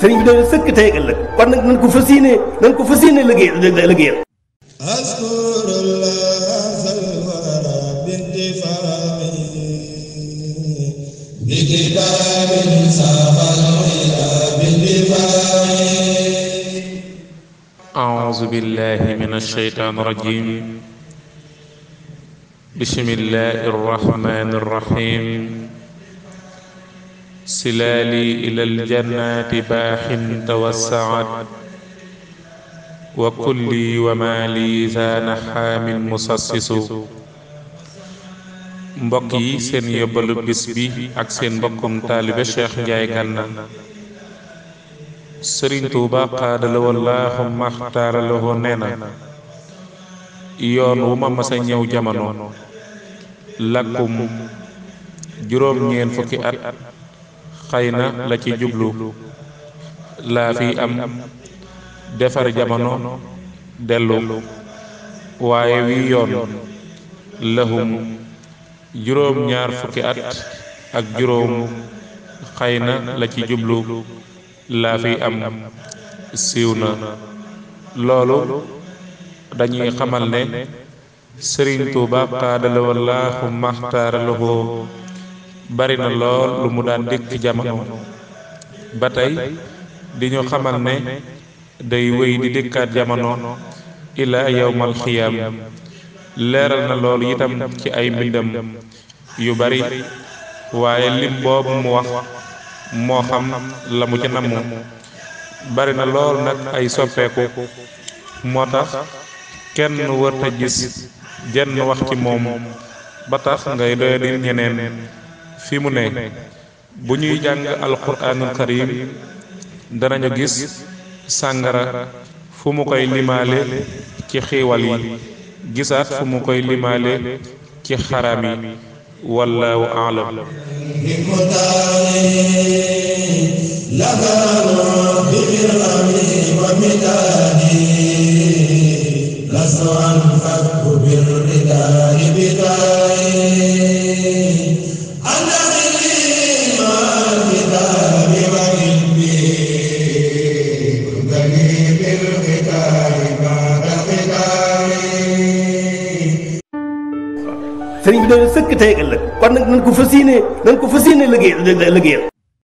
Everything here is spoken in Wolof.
sëriñ bi dana sëkk tey ëllëg kon nag nañ ko fas yéene nañ ko fas yéene liggéey liggéeyal أعوذ بالله من الشيطان الرجيم بسم الله الرحمن الرحيم silaali ila aljannati baaxin tawassaat wa kulli wa maali za naxaamin mbokk yi seen yóbbalu bis bi ak seen mbokkum taalibe Cheikh Njaay Gànna sëriñ Tuuba xaadala wallaahu maxtaaralahu nee na yoon wu ma masa ñëw jamono lakkum juróom ñeen fukki at xëy na la ci jublu laa fi am defar jamono dellu waaye wi yoon lahum juróom ñaar fukki at ak juróom xëy na la ci jublu laa fi am siiw na loolu dañuy xamal ne sëriñ tuuba qaadala wallaahu maxtaara bari na lool lu mu daan dégg ci ba tey di ñu xamal ne day wéy di dëkkaat jamono ilaa yawmal xiyaam leeral na loolu itam ci ay mbindam yu bari waaye lim boobu mu wax moo xam la mu ci namm bari na lool nag ay soppeeku moo tax kenn wërta gis jenn wax ci moom ba tax ngay doyadil ñeneen fi mu ne bu ñuy jàng alquranul karim danañu gis sàngara fu mu koy limaale ci xiiwal yi gisaat fu mu koy limaale ci xaram yi wallaahu aalam sëriñ bi doon sëkk tey ak ëllëg kon nag nañ ko fas yéene nañ ko fas yéene liggéey liggéeyal